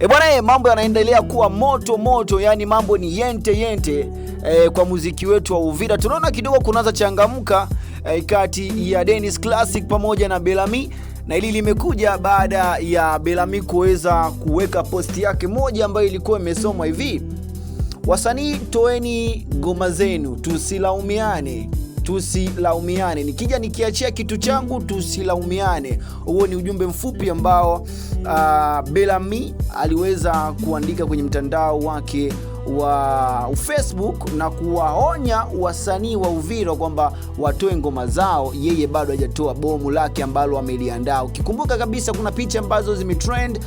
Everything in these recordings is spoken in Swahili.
E bwana eh, mambo yanaendelea kuwa moto moto, yani mambo ni yente yente e, kwa muziki wetu wa Uvira tunaona kidogo kunaanza changamka e, kati ya Dennis Classic pamoja na Belami na hili limekuja baada ya Belami kuweza kuweka posti yake moja ambayo ilikuwa imesomwa hivi: wasanii toeni ngoma zenu tusilaumiane tusilaumiane. Nikija nikiachia kitu changu tusilaumiane. Huo ni ujumbe mfupi ambao uh, Bellamy aliweza kuandika kwenye mtandao wake wa Facebook na kuwaonya wasanii wa Uvira kwamba watoe ngoma zao, yeye bado hajatoa bomu lake ambalo ameliandaa. Ukikumbuka kabisa kuna picha ambazo zimetrend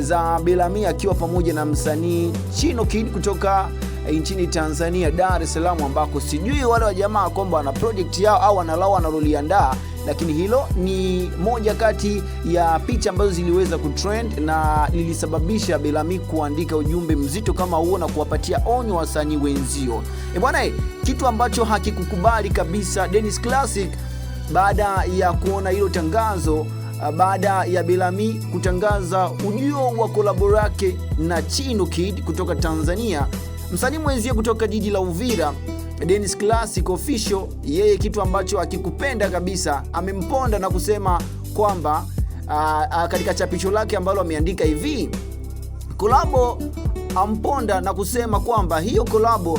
za Bellamy akiwa pamoja na msanii Chino Kid kutoka Eh, nchini Tanzania, Dar es Salaam, ambako sijui wale wa jamaa kwamba wana project yao au wanalao wanaloliandaa lakini hilo ni moja kati ya picha ambazo ziliweza kutrend na lilisababisha Belami kuandika ujumbe mzito kama huo na kuwapatia onyo wasanii wenzio. E bwana, eh, kitu ambacho hakikukubali kabisa Dennis Classic baada ya kuona hilo tangazo, baada ya Belami kutangaza ujio wa kolabo yake na Chino Kid kutoka Tanzania Msanii mwenzie kutoka jiji la Uvira Dennis Classic Official, yeye kitu ambacho akikupenda kabisa amemponda na kusema kwamba uh, uh, katika chapisho lake ambalo ameandika hivi kolabo, amponda na kusema kwamba hiyo kolabo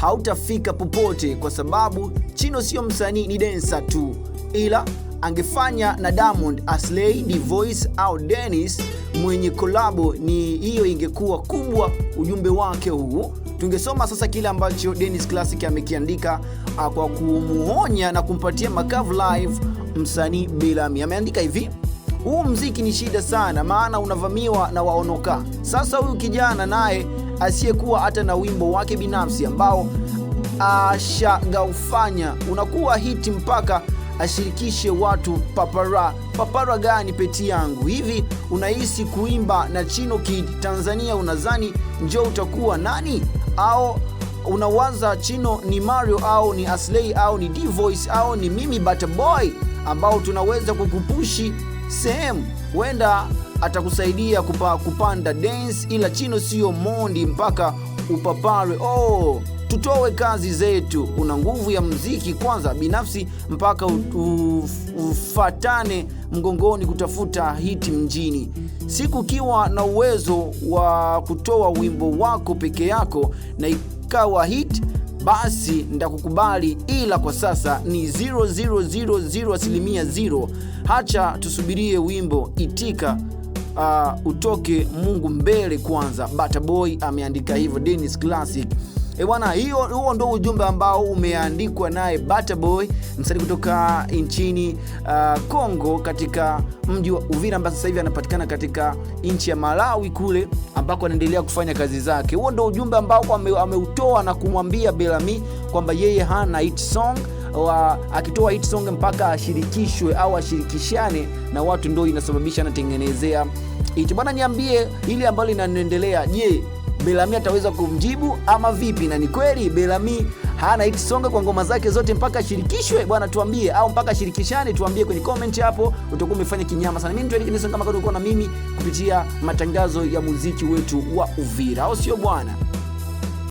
hautafika popote kwa sababu Chino sio msanii, ni densa tu, ila angefanya na Diamond Asley The Voice au Dennis mwenye kolabo ni hiyo ingekuwa kubwa. Ujumbe wake huu Tungesoma sasa kile ambacho Dennis Classic amekiandika ah, kwa kumuonya na kumpatia makavu live msanii Bellamy. Ameandika hivi: huu mziki ni shida sana, maana unavamiwa na waonoka. Sasa huyu kijana naye asiyekuwa hata na wimbo wake binafsi ambao ashagaufanya unakuwa hiti mpaka ashirikishe watu papara papara gani peti yangu. Hivi unahisi kuimba na Chino Kid Tanzania, unazani njo utakuwa nani? Au unawaza Chino ni Mario au ni aslei au ni d au ni mimi Bata ambao tunaweza kukupushi sehemu huenda atakusaidia kupa, kupanda dance, ila Chino sio mondi mpaka upaparwe oh tutoe kazi zetu. Una nguvu ya mziki kwanza binafsi mpaka ufatane mgongoni kutafuta hiti mjini. Siku ukiwa na uwezo wa kutoa wimbo wako peke yako na ikawa hit basi ndakukubali, ila kwa sasa ni 0000 asilimia 0. Hacha tusubirie wimbo itika, uh, utoke Mungu mbele kwanza. Bata Boy ameandika hivyo, Dennis Classic. E bwana, hiyo huo ndio ujumbe ambao umeandikwa naye Bataboy, msanii kutoka nchini ah, Kongo, katika mji wa Uvira ambao sasa hivi anapatikana katika nchi ya Malawi kule ambako anaendelea kufanya kazi zake. Huo ndio ujumbe ambao ameutoa na kumwambia Belami kwamba yeye hana hit song wa, akitoa hit song mpaka ashirikishwe au ashirikishane na watu, ndio inasababisha anatengenezea hit. Bwana, niambie hili ambalo linaendelea, je, Belami ataweza kumjibu ama vipi? Na ni kweli Belami hana hit songa kwa ngoma zake zote mpaka ashirikishwe bwana, tuambie au mpaka ashirikishane, tuambie kwenye comment hapo. Utakuwa umefanya kinyama sana. Mimi ndio Nelson, kama ulikuwa na mimi kupitia matangazo ya muziki wetu wa Uvira, au sio bwana?